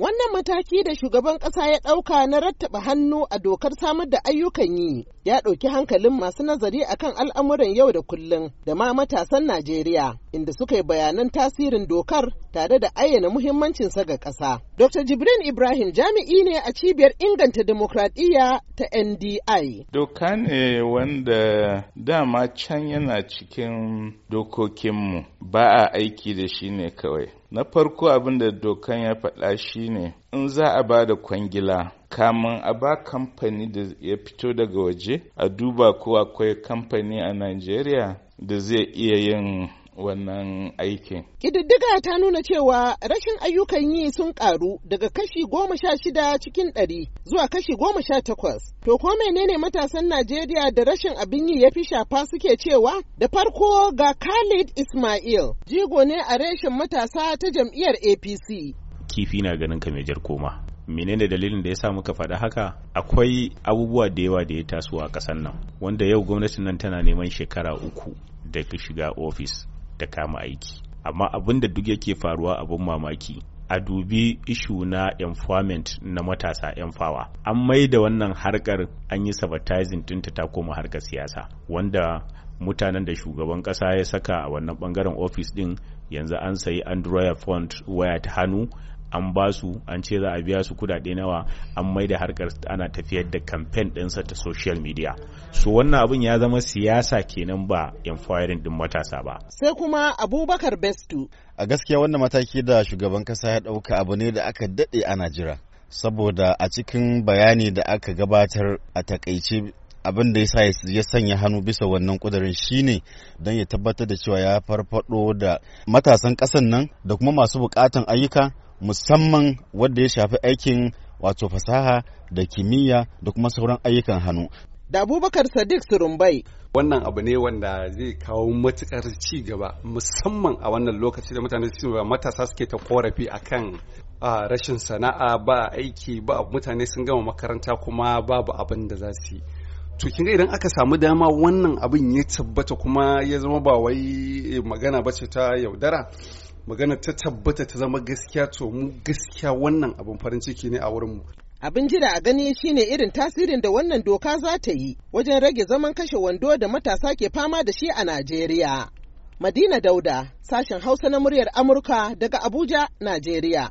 Wannan mataki da shugaban ƙasa ya ɗauka na rattaba hannu a dokar samar da ayyukan yi ya ɗauki hankalin masu nazari akan al'amuran yau da kullum da ma matasan Najeriya. inda suka yi bayanan tasirin dokar tare da ayyana muhimmancinsa ga ƙasa. Dr. Jibrin Ibrahim jami'i ne a cibiyar inganta demokradiyya ta NDI. Doka ne wanda dama can yana cikin dokokinmu ba a aiki da shi ne kawai. Na farko abin da dokan ya faɗa shi ne in za a ba da kwangila kamun a ba kamfani da ya fito daga waje a duba ko akwai kamfani a Najeriya da zai iya yin wannan aikin. Ƙididdiga ta nuna cewa rashin ayyukan yi sun ƙaru daga kashi goma sha shida cikin ɗari zuwa kashi goma sha takwas. To ko menene matasan Najeriya da rashin abin yi ya fi shafa suke cewa? Da farko ga Khalid Ismail, jigo ne a reshen matasa ta jam'iyyar APC. Kifi na ganin ka jar koma. menene dalilin da ya sa muka faɗa haka akwai abubuwa da yawa da ya taso a ƙasar nan wanda yau gwamnatin nan tana neman shekara uku da shiga ofis da kama aiki amma abin da duk yake faruwa abin mamaki a dubi ishu na employment na matasa yan fawa an mai da wannan harkar an yi sabatizing tunta ta koma harkar siyasa wanda mutanen da shugaban ƙasa ya saka a wannan bangaren ofis ɗin yanzu an sayi android font waya ta hannu an ba su an ce za a biya su kudade nawa an mai da harkar ana tafiyar da kamfen ɗinsa ta social media so wannan abin ya zama siyasa kenan ba empowering din matasa ba sai kuma abubakar bestu a gaskiya wannan mataki da shugaban kasa ya ɗauka abu ne da aka daɗe ana jira saboda a cikin bayani da aka gabatar a takaice abin da yasa ya sanya hannu bisa wannan kudirin shine don ya tabbatar da cewa ya farfado da matasan ƙasan nan da kuma masu bukatan ayyuka musamman wadda ya shafi aikin wato fasaha da kimiyya da kuma sauran ayyukan hannu. Da Abubakar Sadiq Surumbai. Wannan abu ne wanda zai kawo matukar ci gaba musamman a wannan lokaci da mutane suke matasa suke ta korafi a kan. rashin sana'a ba aiki ba mutane sun gama makaranta kuma babu abin da za su yi. to kin ga idan aka samu dama wannan abin ya tabbata kuma ya zama ba wai magana ba ce ta yaudara magana ta tabbata ta zama gaskiya to mu gaskiya wannan abin farin ciki ne a wurin mu. Abin jira a gani shine irin tasirin da wannan doka za ta yi wajen rage zaman kashe wando da matasa ke fama da shi a Najeriya. Madina Dauda, sashen Hausa na muryar Amurka daga Abuja, Najeriya.